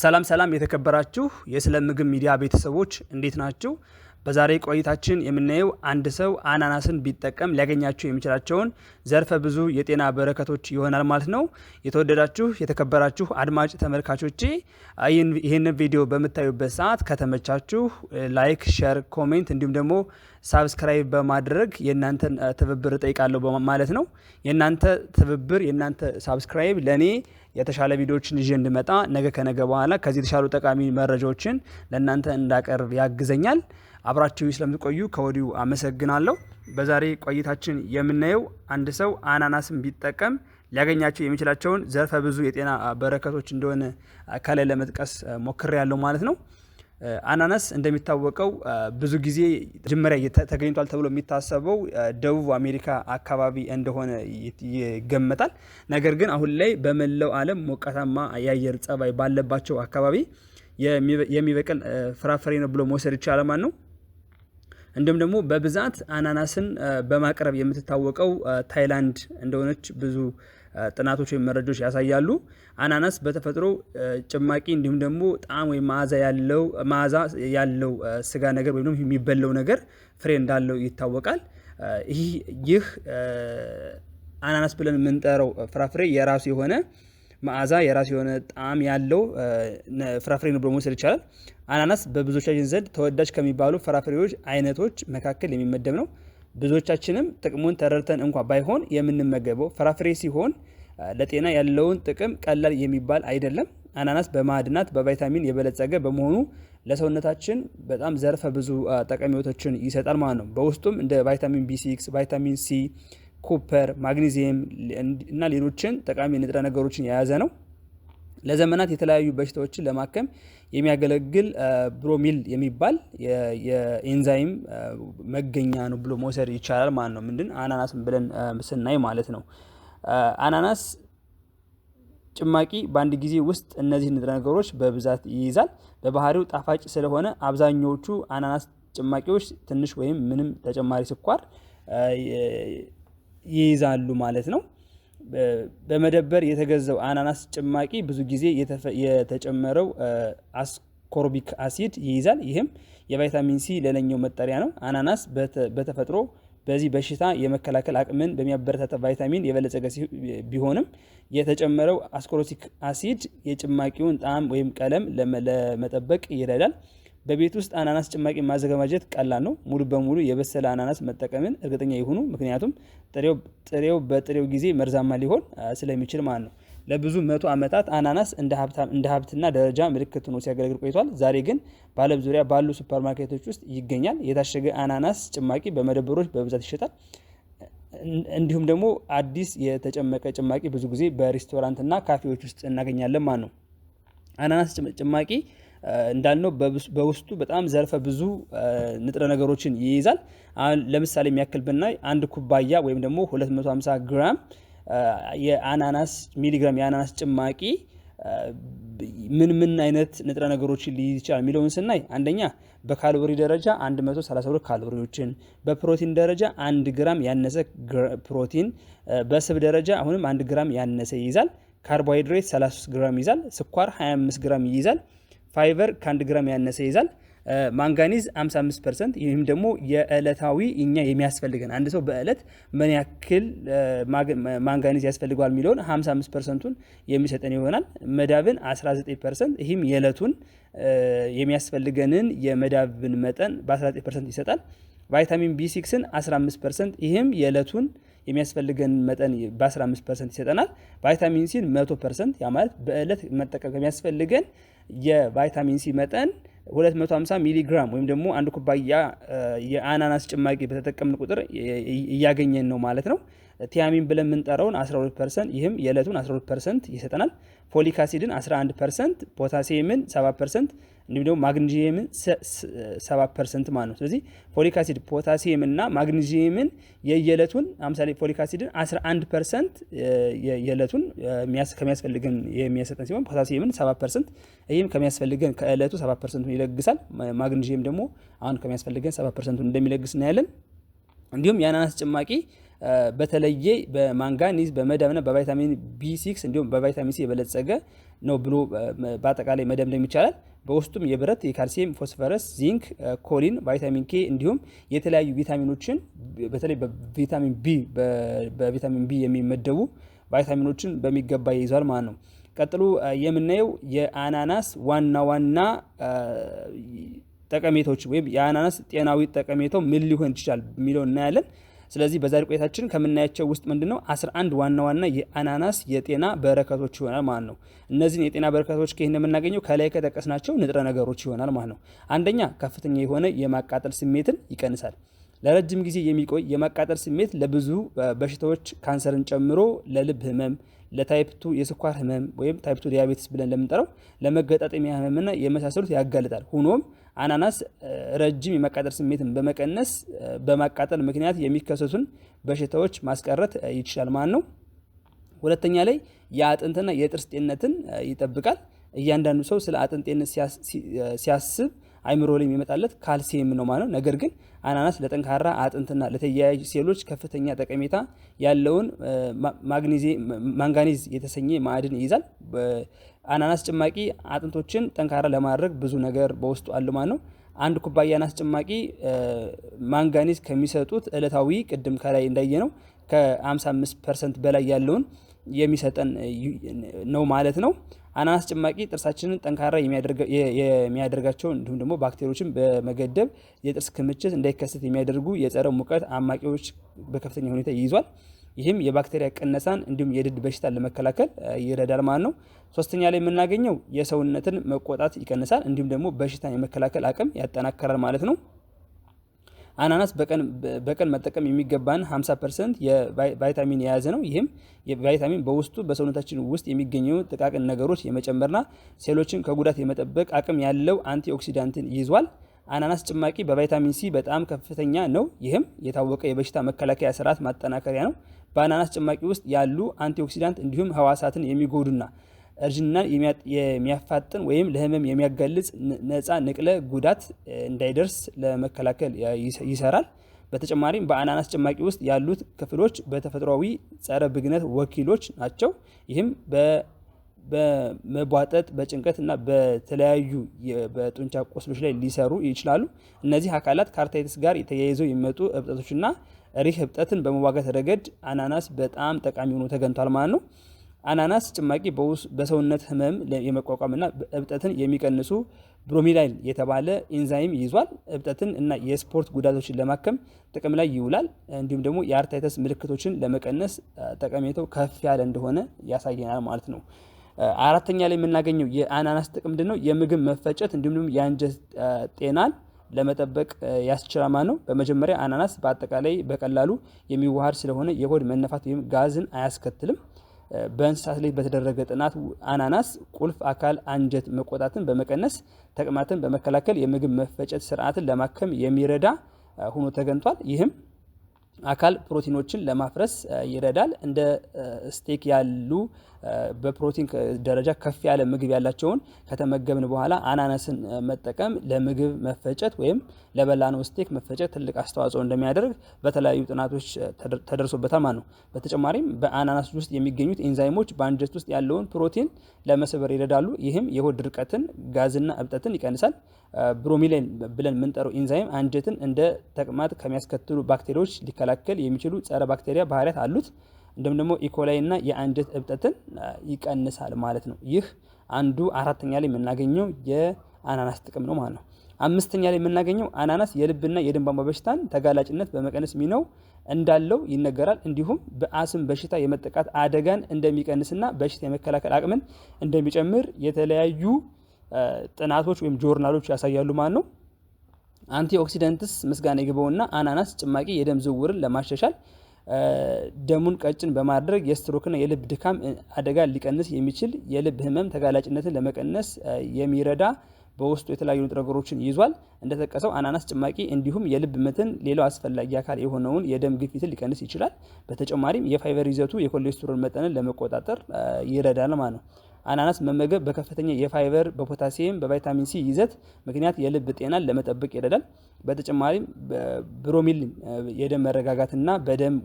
ሰላም ሰላም የተከበራችሁ የስለ ምግብ ሚዲያ ቤተሰቦች እንዴት ናችሁ? በዛሬ ቆይታችን የምናየው አንድ ሰው አናናስን ቢጠቀም ሊያገኛቸው የሚችላቸውን ዘርፈ ብዙ የጤና በረከቶች ይሆናል ማለት ነው። የተወደዳችሁ የተከበራችሁ አድማጭ ተመልካቾቼ ይህንን ቪዲዮ በምታዩበት ሰዓት ከተመቻችሁ ላይክ፣ ሸር፣ ኮሜንት እንዲሁም ደግሞ ሳብስክራይብ በማድረግ የእናንተን ትብብር እጠይቃለሁ ማለት ነው። የእናንተ ትብብር የእናንተ ሳብስክራይብ ለእኔ የተሻለ ቪዲዮዎችን ይዤ እንድመጣ ነገ ከነገ በኋላ ከዚህ የተሻሉ ጠቃሚ መረጃዎችን ለእናንተ እንዳቀርብ ያግዘኛል። አብራችሁ ስለምትቆዩ ከወዲሁ አመሰግናለሁ። በዛሬ ቆይታችን የምናየው አንድ ሰው አናናስን ቢጠቀም ሊያገኛቸው የሚችላቸውን ዘርፈ ብዙ የጤና በረከቶች እንደሆነ ከላይ ለመጥቀስ ሞክሬ ያለው ማለት ነው። አናናስ እንደሚታወቀው ብዙ ጊዜ መጀመሪያ ተገኝቷል ተብሎ የሚታሰበው ደቡብ አሜሪካ አካባቢ እንደሆነ ይገመታል። ነገር ግን አሁን ላይ በመላው ዓለም ሞቃታማ የአየር ጸባይ ባለባቸው አካባቢ የሚበቅል ፍራፍሬ ነው ብሎ መውሰድ ይቻላል ማለት ነው። እንዲሁም ደግሞ በብዛት አናናስን በማቅረብ የምትታወቀው ታይላንድ እንደሆነች ብዙ ጥናቶች ወይም መረጃዎች ያሳያሉ። አናናስ በተፈጥሮ ጭማቂ እንዲሁም ደግሞ ጣዕም ወይም መዓዛ ያለው መዓዛ ያለው ስጋ ነገር ወይም ደግሞ የሚበላው ነገር ፍሬ እንዳለው ይታወቃል። ይህ አናናስ ብለን የምንጠራው ፍራፍሬ የራሱ የሆነ መዓዛ የራሱ የሆነ ጣዕም ያለው ፍራፍሬ ነው ብሎ መውሰድ ይቻላል። አናናስ በብዙዎቻችን ዘንድ ተወዳጅ ከሚባሉ ፍራፍሬዎች አይነቶች መካከል የሚመደብ ነው። ብዙዎቻችንም ጥቅሙን ተረድተን እንኳ ባይሆን የምንመገበው ፍራፍሬ ሲሆን ለጤና ያለውን ጥቅም ቀላል የሚባል አይደለም። አናናስ በማዕድናት በቫይታሚን የበለጸገ በመሆኑ ለሰውነታችን በጣም ዘርፈ ብዙ ጠቀሜቶችን ይሰጣል ማለት ነው። በውስጡም እንደ ቫይታሚን ቢ6፣ ቫይታሚን ሲ ኮፐር፣ ማግኔዚየም እና ሌሎችን ጠቃሚ ንጥረ ነገሮችን የያዘ ነው። ለዘመናት የተለያዩ በሽታዎችን ለማከም የሚያገለግል ብሮሚል የሚባል የኤንዛይም መገኛ ነው ብሎ መውሰድ ይቻላል ማለት ነው። ምንድን አናናስ ብለን ስናይ ማለት ነው። አናናስ ጭማቂ በአንድ ጊዜ ውስጥ እነዚህ ንጥረ ነገሮች በብዛት ይይዛል። በባህሪው ጣፋጭ ስለሆነ አብዛኛዎቹ አናናስ ጭማቂዎች ትንሽ ወይም ምንም ተጨማሪ ስኳር ይይዛሉ ማለት ነው። በመደበር የተገዛው አናናስ ጭማቂ ብዙ ጊዜ የተጨመረው አስኮርቢክ አሲድ ይይዛል። ይህም የቫይታሚን ሲ ሌላኛው መጠሪያ ነው። አናናስ በተፈጥሮ በዚህ በሽታ የመከላከል አቅምን በሚያበረታታ ቫይታሚን የበለጸገ ቢሆንም የተጨመረው አስኮርቢክ አሲድ የጭማቂውን ጣዕም ወይም ቀለም ለመጠበቅ ይረዳል። በቤት ውስጥ አናናስ ጭማቂ ማዘገማጀት ቀላል ነው። ሙሉ በሙሉ የበሰለ አናናስ መጠቀምን እርግጠኛ ይሁኑ፣ ምክንያቱም ጥሬው በጥሬው ጊዜ መርዛማ ሊሆን ስለሚችል ማለት ነው። ለብዙ መቶ ዓመታት አናናስ እንደ ሀብትና ደረጃ ምልክት ሆኖ ሲያገለግል ቆይቷል። ዛሬ ግን በዓለም ዙሪያ ባሉ ሱፐርማርኬቶች ውስጥ ይገኛል። የታሸገ አናናስ ጭማቂ በመደብሮች በብዛት ይሸጣል። እንዲሁም ደግሞ አዲስ የተጨመቀ ጭማቂ ብዙ ጊዜ በሬስቶራንትና ካፌዎች ውስጥ እናገኛለን ማለት ነው። አናናስ ጭማቂ እንዳልነው በውስጡ በጣም ዘርፈ ብዙ ንጥረ ነገሮችን ይይዛል። ለምሳሌ የሚያክል ብናይ አንድ ኩባያ ወይም ደግሞ 250 ግራም የአናናስ ሚሊግራም የአናናስ ጭማቂ ምን ምን አይነት ንጥረ ነገሮችን ሊይዝ ይችላል የሚለውን ስናይ አንደኛ በካሎሪ ደረጃ 132 ካሎሪዎችን፣ በፕሮቲን ደረጃ 1 ግራም ያነሰ ፕሮቲን፣ በስብ ደረጃ አሁንም 1 ግራም ያነሰ ይይዛል። ካርቦሃይድሬት 33 ግራም ይይዛል። ስኳር 25 ግራም ይይዛል። ፋይበር ከአንድ ግራም ያነሰ ይዛል። ማንጋኒዝ 55 ፐርሰንት። ይህም ደግሞ የዕለታዊ እኛ የሚያስፈልገን አንድ ሰው በዕለት ምን ያክል ማንጋኒዝ ያስፈልገዋል የሚለውን 55 ፐርሰንቱን የሚሰጠን ይሆናል። መዳብን 19 ፐርሰንት። ይህም የዕለቱን የሚያስፈልገንን የመዳብን መጠን በ19 ፐርሰንት ይሰጣል። ቫይታሚን ቢ6ን 15 ፐርሰንት። ይህም የዕለቱን የሚያስፈልገን መጠን በ15 ፐርሰንት ይሰጠናል። ቫይታሚን ሲን 100 ፐርሰንት። ያ ማለት በዕለት መጠቀም ከሚያስፈልገን የቫይታሚን ሲ መጠን 250 ሚሊግራም ወይም ደግሞ አንድ ኩባያ የአናናስ ጭማቂ በተጠቀምን ቁጥር እያገኘን ነው ማለት ነው። ቲያሚን ብለን የምንጠራውን 12 ፐርሰንት ይህም የዕለቱን 12 ፐርሰንት ይሰጠናል። ፎሊክ አሲድን 11 ፐርሰንት፣ ፖታሲየምን 7 ፐርሰንት እንዲሁም ደግሞ ማግኒዚየምን 7 ፐርሰንት ማለት ነው። ስለዚህ ፎሊክ አሲድ ፖታሲየምና ማግኒዚየምን የየዕለቱን ለምሳሌ ፎሊክ አሲድን 11 ፐርሰንት የዕለቱን ከሚያስፈልገን የሚያሰጠን ሲሆን ፖታሲየምን 7 ፐርሰንት ይህም ከሚያስፈልገን ከዕለቱ 7 ፐርሰንቱን ይለግሳል። ማግኒዚየም ደግሞ አሁን ከሚያስፈልገን 7 ፐርሰንቱን እንደሚለግስ እናያለን። እንዲሁም የአናናስ ጭማቂ በተለየ በማንጋኒዝ በመዳብና በቫይታሚን ቢ6 እንዲሁም በቫይታሚን ሲ የበለጸገ ነው ብሎ በአጠቃላይ መደምደም ይቻላል። በውስጡም የብረት፣ የካልሲየም፣ ፎስፈረስ፣ ዚንክ፣ ኮሊን፣ ቫይታሚን ኬ እንዲሁም የተለያዩ ቪታሚኖችን በተለይ በቪታሚን ቢ በቪታሚን ቢ የሚመደቡ ቫይታሚኖችን በሚገባ ይይዟል ማለት ነው። ቀጥሎ የምናየው የአናናስ ዋና ዋና ጠቀሜታዎች ወይም የአናናስ ጤናዊ ጠቀሜታው ምን ሊሆን ይችላል የሚለው እናያለን። ስለዚህ በዛሬ ቆይታችን ከምናያቸው ውስጥ ምንድነው 11 ዋና ዋና የአናናስ የጤና በረከቶች ይሆናል ማለት ነው። እነዚህን የጤና በረከቶች ከይህን የምናገኘው ከላይ ከጠቀስናቸው ንጥረ ነገሮች ይሆናል ማለት ነው። አንደኛ ከፍተኛ የሆነ የማቃጠል ስሜትን ይቀንሳል። ለረጅም ጊዜ የሚቆይ የማቃጠል ስሜት ለብዙ በሽታዎች ካንሰርን ጨምሮ ለልብ ህመም፣ ለታይፕቱ የስኳር ህመም ወይም ታይፕቱ ዲያቤትስ ብለን ለምንጠራው ለመገጣጠሚያ ህመምና የመሳሰሉት ያጋልጣል። ሆኖም አናናስ ረጅም የመቃጠል ስሜትን በመቀነስ በማቃጠል ምክንያት የሚከሰቱን በሽታዎች ማስቀረት ይችላል ማለት ነው። ሁለተኛ ላይ የአጥንትና የጥርስ ጤንነትን ይጠብቃል። እያንዳንዱ ሰው ስለ አጥንት ጤንነት ሲያስብ አይምሮ ላይ የሚመጣለት ካልሲየም ነው ማለት ነው። ነገር ግን አናናስ ለጠንካራ አጥንትና ለተያያዥ ሴሎች ከፍተኛ ጠቀሜታ ያለውን ማንጋኒዝ የተሰኘ ማዕድን ይይዛል። አናናስ ጭማቂ አጥንቶችን ጠንካራ ለማድረግ ብዙ ነገር በውስጡ ማለት ነው። አንድ ኩባያ አናናስ ጭማቂ ማንጋኒዝ ከሚሰጡት እለታዊ ቅድም ከላይ እንዳየ ነው ከ55 ፐርሰንት በላይ ያለውን የሚሰጠን ነው ማለት ነው። አናናስ ጭማቂ ጥርሳችንን ጠንካራ የሚያደርጋቸው እንዲሁም ደግሞ ባክቴሪዎችን በመገደብ የጥርስ ክምችት እንዳይከሰት የሚያደርጉ የጸረ ሙቀት አማቂዎች በከፍተኛ ሁኔታ ይይዟል። ይህም የባክቴሪያ ቅነሳን እንዲሁም የድድ በሽታን ለመከላከል ይረዳል ማለት ነው። ሶስተኛ ላይ የምናገኘው የሰውነትን መቆጣት ይቀንሳል፣ እንዲሁም ደግሞ በሽታን የመከላከል አቅም ያጠናከራል ማለት ነው። አናናስ በቀን መጠቀም የሚገባን 50 ፐርሰንት የቫይታሚን የያዘ ነው። ይህም ቫይታሚን በውስጡ በሰውነታችን ውስጥ የሚገኙ ጥቃቅን ነገሮች የመጨመርና ሴሎችን ከጉዳት የመጠበቅ አቅም ያለው አንቲኦክሲዳንትን ይዟል። አናናስ ጭማቂ በቫይታሚን ሲ በጣም ከፍተኛ ነው። ይህም የታወቀ የበሽታ መከላከያ ስርዓት ማጠናከሪያ ነው። በአናናስ ጭማቂ ውስጥ ያሉ አንቲኦክሲዳንት እንዲሁም ህዋሳትን የሚጎዱና እርጅናን የሚያፋጥን ወይም ለህመም የሚያጋልጽ ነፃ ንቅለ ጉዳት እንዳይደርስ ለመከላከል ይሰራል። በተጨማሪም በአናናስ ጭማቂ ውስጥ ያሉት ክፍሎች በተፈጥሯዊ ጸረ ብግነት ወኪሎች ናቸው። ይህም በመቧጠጥ በጭንቀት እና በተለያዩ በጡንቻ ቁስሎች ላይ ሊሰሩ ይችላሉ። እነዚህ አካላት ከአርታይተስ ጋር ተያይዘው የሚመጡ እብጠቶችና ሪህ እብጠትን በመዋጋት ረገድ አናናስ በጣም ጠቃሚ ሆኖ ተገኝቷል ማለት ነው። አናናስ ጭማቂ በሰውነት ህመም የመቋቋምና እብጠትን የሚቀንሱ ብሮሚላይን የተባለ ኢንዛይም ይዟል። እብጠትን እና የስፖርት ጉዳቶችን ለማከም ጥቅም ላይ ይውላል። እንዲሁም ደግሞ የአርታይተስ ምልክቶችን ለመቀነስ ጠቀሜታው ከፍ ያለ እንደሆነ ያሳየናል ማለት ነው። አራተኛ ላይ የምናገኘው የአናናስ ጥቅም ምንድን ነው? የምግብ መፈጨት እንዲሁም ደግሞ የአንጀት ጤናን ለመጠበቅ ያስችላል ማለት ነው። በመጀመሪያ አናናስ በአጠቃላይ በቀላሉ የሚዋሃድ ስለሆነ የሆድ መነፋት ወይም ጋዝን አያስከትልም። በእንስሳት ላይ በተደረገ ጥናት አናናስ ቁልፍ አካል አንጀት መቆጣትን በመቀነስ ተቅማትን በመከላከል የምግብ መፈጨት ስርዓትን ለማከም የሚረዳ ሆኖ ተገንቷል። ይህም አካል ፕሮቲኖችን ለማፍረስ ይረዳል። እንደ ስቴክ ያሉ በፕሮቲን ደረጃ ከፍ ያለ ምግብ ያላቸውን ከተመገብን በኋላ አናናስን መጠቀም ለምግብ መፈጨት ወይም ለበላነው ስቴክ መፈጨት ትልቅ አስተዋጽኦ እንደሚያደርግ በተለያዩ ጥናቶች ተደርሶበታል ማለት ነው። በተጨማሪም በአናናስ ውስጥ የሚገኙት ኤንዛይሞች በአንጀት ውስጥ ያለውን ፕሮቲን ለመስበር ይረዳሉ። ይህም የሆድ ድርቀትን፣ ጋዝና እብጠትን ይቀንሳል። ብሮሚሌን ብለን የምንጠረው ኢንዛይም አንጀትን እንደ ተቅማጥ ከሚያስከትሉ ባክቴሪያዎች ሊከላከል የሚችሉ ጸረ ባክቴሪያ ባህሪያት አሉት። እንዲሁም ደግሞ ኢኮላይ የአንጀት እብጠትን ይቀንሳል ማለት ነው። ይህ አንዱ አራተኛ ላይ የምናገኘው የአናናስ ጥቅም ነው ማለት ነው። አምስተኛ ላይ የምናገኘው አናናስ የልብና የደም ቧንቧ በሽታን ተጋላጭነት በመቀነስ ሚናው እንዳለው ይነገራል። እንዲሁም በአስም በሽታ የመጠቃት አደጋን እንደሚቀንስና በሽታ የመከላከል አቅምን እንደሚጨምር የተለያዩ ጥናቶች ወይም ጆርናሎች ያሳያሉ ማለት ነው። አንቲኦክሲደንትስ ምስጋና ይግባውና አናናስ ጭማቂ የደም ዝውውርን ለማሻሻል ደሙን ቀጭን በማድረግ የስትሮክና የልብ ድካም አደጋ ሊቀንስ የሚችል የልብ ህመም ተጋላጭነትን ለመቀነስ የሚረዳ በውስጡ የተለያዩ ንጥረ ነገሮችን ይዟል። እንደጠቀሰው አናናስ ጭማቂ እንዲሁም የልብ ምትን፣ ሌላው አስፈላጊ አካል የሆነውን የደም ግፊትን ሊቀንስ ይችላል። በተጨማሪም የፋይበር ይዘቱ የኮሌስትሮል መጠንን ለመቆጣጠር ይረዳል ማለት ነው። አናናስ መመገብ በከፍተኛ የፋይበር በፖታሲየም በቫይታሚን ሲ ይዘት ምክንያት የልብ ጤናን ለመጠበቅ ይረዳል። በተጨማሪም ብሮሚል የደም መረጋጋትና በደም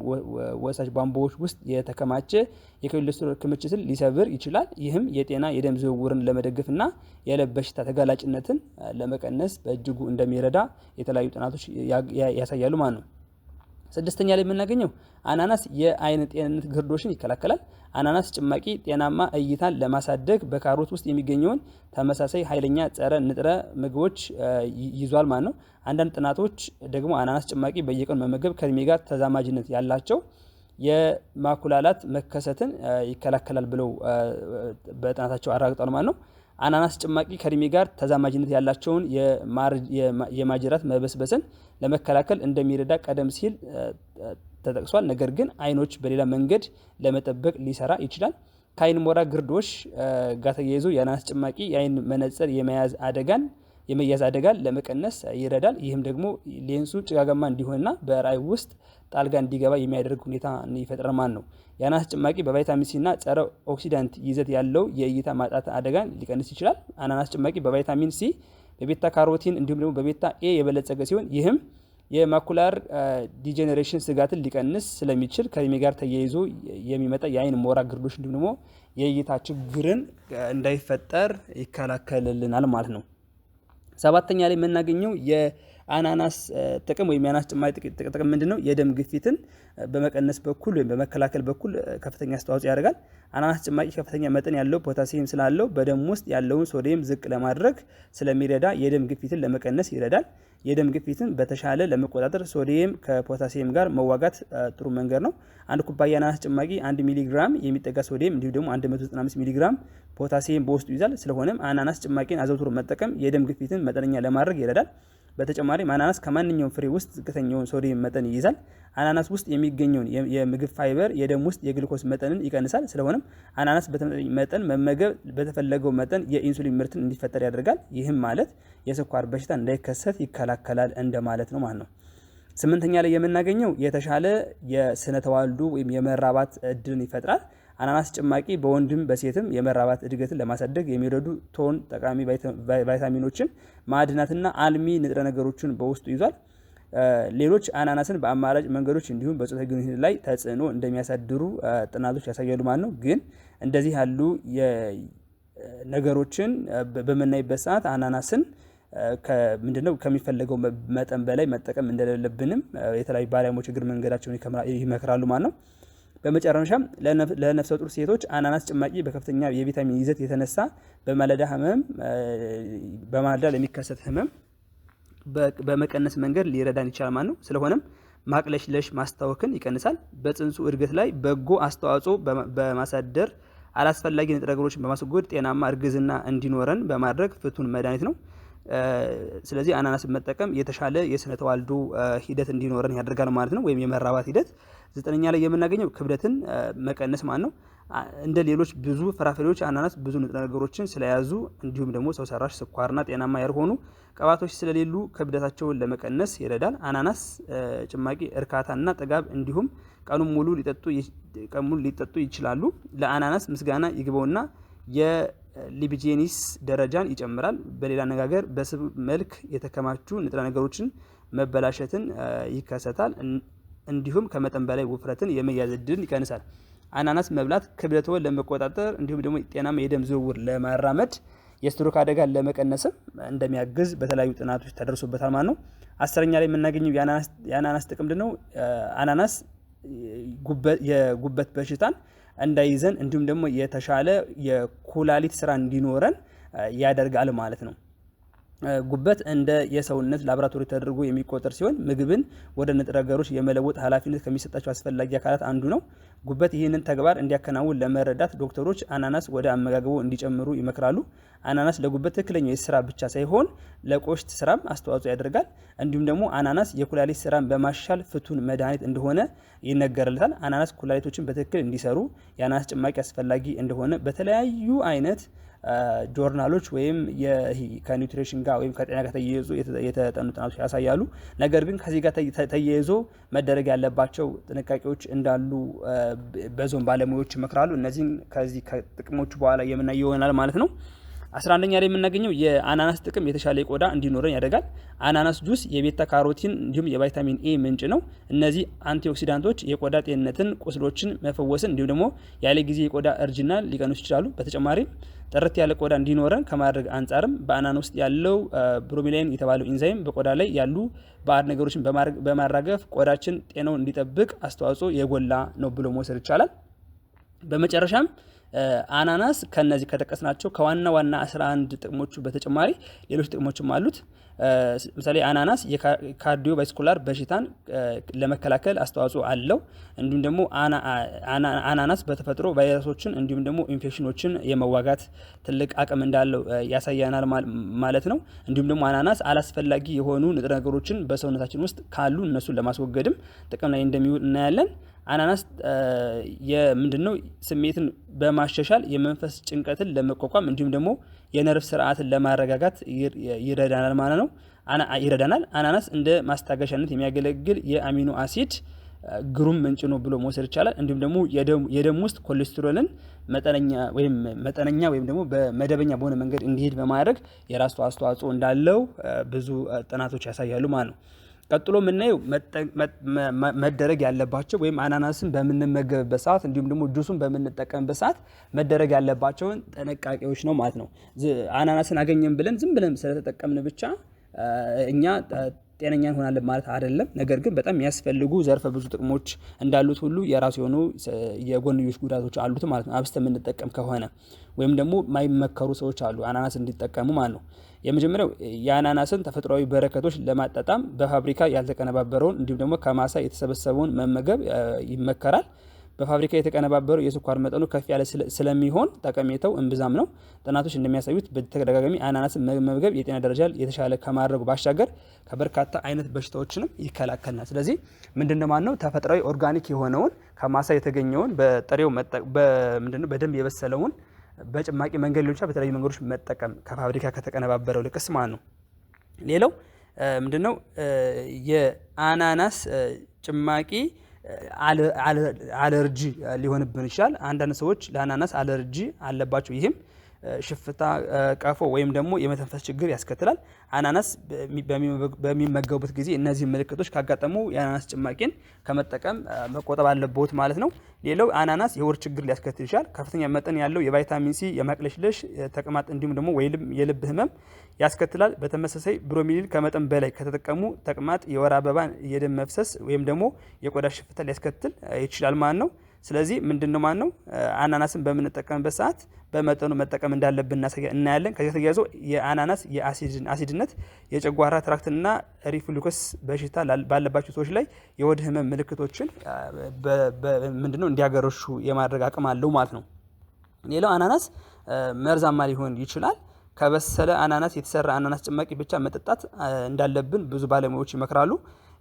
ወሳጅ ቧንቧዎች ውስጥ የተከማቸ የኮሌስትሮል ክምችትን ሊሰብር ይችላል። ይህም የጤና የደም ዝውውርን ለመደገፍና የልብ በሽታ ተጋላጭነትን ለመቀነስ በእጅጉ እንደሚረዳ የተለያዩ ጥናቶች ያሳያሉ ማለት ነው። ስድስተኛ ላይ የምናገኘው አናናስ የአይን ጤንነት ግርዶሽን ይከላከላል። አናናስ ጭማቂ ጤናማ እይታን ለማሳደግ በካሮት ውስጥ የሚገኘውን ተመሳሳይ ኃይለኛ ጸረ ንጥረ ምግቦች ይዟል ማለት ነው። አንዳንድ ጥናቶች ደግሞ አናናስ ጭማቂ በየቀኑ መመገብ ከእድሜ ጋር ተዛማጅነት ያላቸው የማኩላላት መከሰትን ይከላከላል ብለው በጥናታቸው አረጋግጧል ማለት ነው። አናናስ ጭማቂ ከእድሜ ጋር ተዛማጅነት ያላቸውን የማጅራት መበስበስን ለመከላከል እንደሚረዳ ቀደም ሲል ተጠቅሷል። ነገር ግን አይኖች በሌላ መንገድ ለመጠበቅ ሊሰራ ይችላል። ከአይን ሞራ ግርዶሽ ጋር ተያይዞ የአናናስ ጭማቂ የአይን መነጽር የመያዝ አደጋን የመያዝ አደጋን ለመቀነስ ይረዳል። ይህም ደግሞ ሌንሱ ጭጋጋማ እንዲሆንና በራእይ ውስጥ ጣልጋ እንዲገባ የሚያደርግ ሁኔታ ይፈጥራል ማለት ነው። የአናናስ ጭማቂ በቫይታሚን ሲና ጸረ ኦክሲዳንት ይዘት ያለው የእይታ ማጣት አደጋን ሊቀንስ ይችላል። አናናስ ጭማቂ በቫይታሚን ሲ፣ በቤታ ካሮቲን እንዲሁም ደግሞ በቤታ ኤ የበለጸገ ሲሆን ይህም የማኩላር ዲጀኔሬሽን ስጋትን ሊቀንስ ስለሚችል ከእድሜ ጋር ተያይዞ የሚመጣ የአይን ሞራ ግርዶች እንዲሁም ደግሞ የእይታ ችግርን እንዳይፈጠር ይከላከልልናል ማለት ነው። ሰባተኛ ላይ የምናገኘው አናናስ ጥቅም ወይም የአናስ ጭማቂ ጥቅም ምንድን ነው? የደም ግፊትን በመቀነስ በኩል ወይም በመከላከል በኩል ከፍተኛ አስተዋጽኦ ያደርጋል። አናናስ ጭማቂ ከፍተኛ መጠን ያለው ፖታሲየም ስላለው በደም ውስጥ ያለውን ሶዲየም ዝቅ ለማድረግ ስለሚረዳ የደም ግፊትን ለመቀነስ ይረዳል። የደም ግፊትን በተሻለ ለመቆጣጠር ሶዲየም ከፖታሲየም ጋር መዋጋት ጥሩ መንገድ ነው። አንድ ኩባያ አናናስ ጭማቂ 1 ሚሊግራም የሚጠጋ ሶዲየም እንዲሁም ደግሞ 195 ሚሊግራም ፖታሲየም በውስጡ ይዛል። ስለሆነም አናናስ ጭማቂን አዘውትሮ መጠቀም የደም ግፊትን መጠነኛ ለማድረግ ይረዳል። በተጨማሪም አናናስ ከማንኛውም ፍሬ ውስጥ ዝቅተኛውን ሶዲየም መጠን ይይዛል። አናናስ ውስጥ የሚገኘውን የምግብ ፋይበር የደም ውስጥ የግልኮስ መጠንን ይቀንሳል። ስለሆነም አናናስ መጠን መመገብ በተፈለገው መጠን የኢንሱሊን ምርትን እንዲፈጠር ያደርጋል። ይህም ማለት የስኳር በሽታ እንዳይከሰት ይከላከላል እንደማለት ነው ማለት ነው። ስምንተኛ ላይ የምናገኘው የተሻለ የስነ ተዋልዶ ወይም የመራባት እድልን ይፈጥራል። አናናስ ጭማቂ በወንድም በሴትም የመራባት እድገትን ለማሳደግ የሚረዱ ቶን ጠቃሚ ቫይታሚኖችን፣ ማዕድናትና አልሚ ንጥረ ነገሮችን በውስጡ ይዟል። ሌሎች አናናስን በአማራጭ መንገዶች እንዲሁም በጾታዊ ግንኙነት ላይ ተጽዕኖ እንደሚያሳድሩ ጥናቶች ያሳያሉ ማለት ነው። ግን እንደዚህ ያሉ ነገሮችን በምናይበት ሰዓት አናናስን ምንድነው ከሚፈለገው መጠን በላይ መጠቀም እንደሌለብንም የተለያዩ ባለሙያዎች እግር መንገዳቸውን ይመክራሉ ማለት ነው። በመጨረሻም ለነፍሰ ጡር ሴቶች አናናስ ጭማቂ በከፍተኛ የቪታሚን ይዘት የተነሳ በማለዳ ህመም በማለዳ ለሚከሰት ህመም በመቀነስ መንገድ ሊረዳን ይችላል ማለት ነው። ስለሆነም ማቅለሽለሽ ማስታወክን ይቀንሳል። በጽንሱ እድገት ላይ በጎ አስተዋጽኦ በማሳደር አላስፈላጊ ንጥረ ነገሮችን በማስወገድ ጤናማ እርግዝና እንዲኖረን በማድረግ ፍቱን መድኃኒት ነው። ስለዚህ አናናስን መጠቀም የተሻለ የስነ ተዋልዶ ሂደት እንዲኖረን ያደርጋል ማለት ነው፣ ወይም የመራባት ሂደት። ዘጠነኛ ላይ የምናገኘው ክብደትን መቀነስ ማለት ነው። እንደ ሌሎች ብዙ ፍራፍሬዎች አናናስ ብዙ ንጥረ ነገሮችን ስለያዙ እንዲሁም ደግሞ ሰው ሰራሽ ስኳርና ጤናማ ያልሆኑ ቅባቶች ስለሌሉ ክብደታቸውን ለመቀነስ ይረዳል። አናናስ ጭማቂ እርካታና ጥጋብ እንዲሁም ቀኑን ሙሉ ሊጠጡ ይችላሉ። ለአናናስ ምስጋና ይግበውና ሊቢጄኒስ ደረጃን ይጨምራል። በሌላ አነጋገር በስብ መልክ የተከማቹ ንጥረ ነገሮችን መበላሸትን ይከሰታል። እንዲሁም ከመጠን በላይ ውፍረትን የመያዝ እድልን ይቀንሳል። አናናስ መብላት ክብደትዎን ለመቆጣጠር እንዲሁም ደግሞ ጤናማ የደም ዝውውር ለማራመድ የስትሮክ አደጋን ለመቀነስም እንደሚያግዝ በተለያዩ ጥናቶች ተደርሶበታል ማለት ነው። አስረኛ ላይ የምናገኘው የአናናስ ጥቅም ምንድን ነው? አናናስ የጉበት በሽታን እንዳይዘን እንዲሁም ደግሞ የተሻለ የኩላሊት ስራ እንዲኖረን ያደርጋል ማለት ነው። ጉበት እንደ የሰውነት ላብራቶሪ ተደርጎ የሚቆጠር ሲሆን ምግብን ወደ ንጥረ ነገሮች የመለወጥ ኃላፊነት ከሚሰጣቸው አስፈላጊ አካላት አንዱ ነው። ጉበት ይህንን ተግባር እንዲያከናውን ለመረዳት ዶክተሮች አናናስ ወደ አመጋገቡ እንዲጨምሩ ይመክራሉ። አናናስ ለጉበት ትክክለኛው የስራ ብቻ ሳይሆን ለቆሽት ስራም አስተዋጽኦ ያደርጋል። እንዲሁም ደግሞ አናናስ የኩላሊት ስራን በማሻል ፍቱን መድኃኒት እንደሆነ ይነገርለታል። አናናስ ኩላሊቶችን በትክክል እንዲሰሩ የአናናስ ጭማቂ አስፈላጊ እንደሆነ በተለያዩ አይነት ጆርናሎች ወይም ከኒውትሪሽን ጋር ወይም ከጤና ጋር ተያይዞ የተጠኑ ጥናቶች ያሳያሉ። ነገር ግን ከዚህ ጋር ተያይዞ መደረግ ያለባቸው ጥንቃቄዎች እንዳሉ በዞን ባለሙያዎች ይመክራሉ። እነዚህን ከዚህ ከጥቅሞቹ በኋላ የምናየው ይሆናል ማለት ነው። አስራ አንደኛ ላይ የምናገኘው የአናናስ ጥቅም የተሻለ ቆዳ እንዲኖረን ያደርጋል። አናናስ ጁስ የቤታ ካሮቲን እንዲሁም የቫይታሚን ኤ ምንጭ ነው። እነዚህ አንቲኦክሲዳንቶች የቆዳ ጤንነትን፣ ቁስሎችን መፈወስን እንዲሁም ደግሞ ያለ ጊዜ የቆዳ እርጅና ሊቀንሱ ይችላሉ። በተጨማሪም ጥርት ያለ ቆዳ እንዲኖረን ከማድረግ አንጻርም በአናን ውስጥ ያለው ብሮሚላይን የተባለው ኢንዛይም በቆዳ ላይ ያሉ ባዕድ ነገሮችን በማራገፍ ቆዳችን ጤናውን እንዲጠብቅ አስተዋጽኦ የጎላ ነው ብሎ መውሰድ ይቻላል። በመጨረሻም አናናስ ከነዚህ ከጠቀስናቸው ከዋና ዋና 11 ጥቅሞቹ በተጨማሪ ሌሎች ጥቅሞችም አሉት። ምሳሌ አናናስ የካርዲዮ ቫስኩላር በሽታን ለመከላከል አስተዋጽኦ አለው። እንዲሁም ደግሞ አናናስ በተፈጥሮ ቫይረሶችን እንዲሁም ደግሞ ኢንፌክሽኖችን የመዋጋት ትልቅ አቅም እንዳለው ያሳያናል ማለት ነው። እንዲሁም ደግሞ አናናስ አላስፈላጊ የሆኑ ንጥረ ነገሮችን በሰውነታችን ውስጥ ካሉ እነሱን ለማስወገድም ጥቅም ላይ እንደሚውል እናያለን። አናናስ ምንድን ነው ስሜትን በማሻሻል የመንፈስ ጭንቀትን ለመቋቋም እንዲሁም ደግሞ የነርቭ ስርዓትን ለማረጋጋት ይረዳናል ማለት ነው ይረዳናል። አናናስ እንደ ማስታገሻነት የሚያገለግል የአሚኖ አሲድ ግሩም ምንጭ ነው ብሎ መውሰድ ይቻላል። እንዲሁም ደግሞ የደም ውስጥ ኮሌስትሮልን መጠነኛ ወይም መጠነኛ ወይም ደግሞ በመደበኛ በሆነ መንገድ እንዲሄድ በማድረግ የራሱ አስተዋጽኦ እንዳለው ብዙ ጥናቶች ያሳያሉ ማለት ነው። ቀጥሎ የምናየው መደረግ ያለባቸው ወይም አናናስን በምንመገብበት ሰዓት እንዲሁም ደግሞ ጁሱን በምንጠቀምበት ሰዓት መደረግ ያለባቸውን ጥንቃቄዎች ነው ማለት ነው። አናናስን አገኘን ብለን ዝም ብለን ስለተጠቀምን ብቻ እኛ ጤነኛ እንሆናለን ማለት አይደለም። ነገር ግን በጣም የሚያስፈልጉ ዘርፈ ብዙ ጥቅሞች እንዳሉት ሁሉ የራሱ የሆኑ የጎንዮሽ ጉዳቶች አሉት ማለት ነው። አብስተ የምንጠቀም ከሆነ ወይም ደግሞ የማይመከሩ ሰዎች አሉ አናናስ እንዲጠቀሙ ማለት ነው። የመጀመሪያው የአናናስን ተፈጥሯዊ በረከቶች ለማጣጣም በፋብሪካ ያልተቀነባበረውን እንዲሁም ደግሞ ከማሳ የተሰበሰበውን መመገብ ይመከራል። በፋብሪካ የተቀነባበረው የስኳር መጠኑ ከፍ ያለ ስለሚሆን ጠቀሜታው እምብዛም ነው። ጥናቶች እንደሚያሳዩት በተደጋጋሚ አናናስን መመገብ የጤና ደረጃ የተሻለ ከማድረጉ ባሻገር ከበርካታ አይነት በሽታዎችንም ይከላከልናል። ስለዚህ ምንድን ማን ነው ተፈጥሯዊ ኦርጋኒክ የሆነውን ከማሳ የተገኘውን በጥሬው በደንብ የበሰለውን በጭማቂ መንገድ ሊሆን ይችላል። በተለያዩ መንገዶች መጠቀም ከፋብሪካ ከተቀነባበረው ልቅስ ማለት ነው። ሌላው ምንድነው የአናናስ ጭማቂ አለርጂ ሊሆንብን ይችላል። አንዳንድ ሰዎች ለአናናስ አለርጂ አለባቸው። ይህም ሽፍታ፣ ቀፎ ወይም ደግሞ የመተንፈስ ችግር ያስከትላል። አናናስ በሚመገቡበት ጊዜ እነዚህ ምልክቶች ካጋጠሙ የአናናስ ጭማቂን ከመጠቀም መቆጠብ አለብዎት ማለት ነው። ሌላው አናናስ የወር ችግር ሊያስከትል ይችላል። ከፍተኛ መጠን ያለው የቫይታሚን ሲ፣ የማቅለሽለሽ፣ ተቅማጥ እንዲሁም ደግሞ የልብ ህመም ያስከትላል። በተመሳሳይ ብሮሚሊን ከመጠን በላይ ከተጠቀሙ ተቅማጥ፣ የወር አበባ፣ የደም መፍሰስ ወይም ደግሞ የቆዳ ሽፍታ ሊያስከትል ይችላል ማለት ነው። ስለዚህ ምንድነው ማን ነው አናናስን በምንጠቀምበት ሰዓት በመጠኑ መጠቀም እንዳለብን እናያለን። ከዚህ ተያይዞ የአናናስ የአሲድነት የጨጓራ ትራክትና ሪፍሉክስ በሽታ ባለባቸው ሰዎች ላይ የወድ ህመም ምልክቶችን ምንድነው እንዲያገረሹ የማድረግ አቅም አለው ማለት ነው። ሌላው አናናስ መርዛማ ሊሆን ይችላል። ከበሰለ አናናስ የተሰራ አናናስ ጭማቂ ብቻ መጠጣት እንዳለብን ብዙ ባለሙያዎች ይመክራሉ።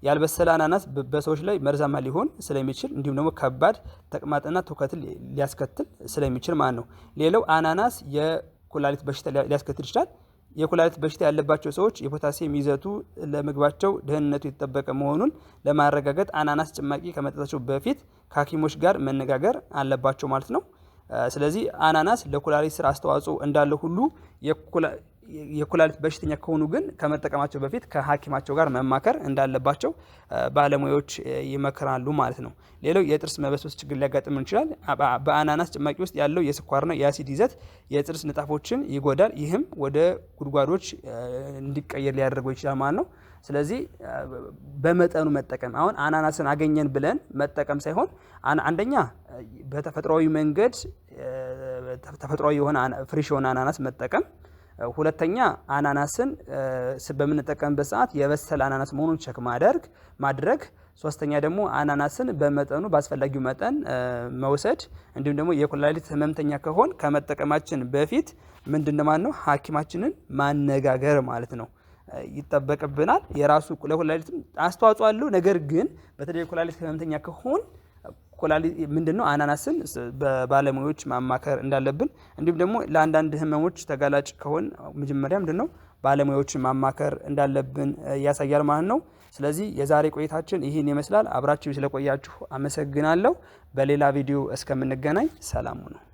ያልበሰለ አናናስ በሰዎች ላይ መርዛማ ሊሆን ስለሚችል እንዲሁም ደግሞ ከባድ ተቅማጥና ትውከትን ሊያስከትል ስለሚችል ማለት ነው። ሌላው አናናስ የኩላሊት በሽታ ሊያስከትል ይችላል። የኩላሊት በሽታ ያለባቸው ሰዎች የፖታሲየም ይዘቱ ለምግባቸው ደህንነቱ የተጠበቀ መሆኑን ለማረጋገጥ አናናስ ጭማቂ ከመጠጣቸው በፊት ከሐኪሞች ጋር መነጋገር አለባቸው ማለት ነው። ስለዚህ አናናስ ለኩላሊት ስራ አስተዋጽኦ እንዳለ ሁሉ የኩላሊት በሽተኛ ከሆኑ ግን ከመጠቀማቸው በፊት ከሐኪማቸው ጋር መማከር እንዳለባቸው ባለሙያዎች ይመክራሉ ማለት ነው። ሌላው የጥርስ መበስበስ ችግር ሊያጋጥም ይችላል። በአናናስ ጭማቂ ውስጥ ያለው የስኳርና የአሲድ ይዘት የጥርስ ንጣፎችን ይጎዳል። ይህም ወደ ጉድጓዶች እንዲቀየር ሊያደርገው ይችላል ማለት ነው። ስለዚህ በመጠኑ መጠቀም አሁን አናናስን አገኘን ብለን መጠቀም ሳይሆን አንደኛ በተፈጥሯዊ መንገድ ተፈጥሯዊ የሆነ ፍሬሽ የሆነ አናናስ መጠቀም ሁለተኛ አናናስን በምንጠቀምበት ሰዓት የበሰለ አናናስ መሆኑን ቸክ ማደርግ ማድረግ። ሶስተኛ ደግሞ አናናስን በመጠኑ በአስፈላጊው መጠን መውሰድ። እንዲሁም ደግሞ የኩላሊት ህመምተኛ ከሆን ከመጠቀማችን በፊት ምንድን ማን ነው ሐኪማችንን ማነጋገር ማለት ነው ይጠበቅብናል። የራሱ ለኩላሊትም አስተዋጽኦ አለው። ነገር ግን በተለይ የኩላሊት ህመምተኛ ከሆን ምንድን ነው አናናስን በባለሙያዎች ማማከር እንዳለብን እንዲሁም ደግሞ ለአንዳንድ ህመሞች ተጋላጭ ከሆን መጀመሪያ ምንድን ነው ባለሙያዎችን ማማከር እንዳለብን ያሳያል ማለት ነው። ስለዚህ የዛሬ ቆይታችን ይህን ይመስላል። አብራችሁ ስለቆያችሁ አመሰግናለሁ። በሌላ ቪዲዮ እስከምንገናኝ ሰላሙ ነው።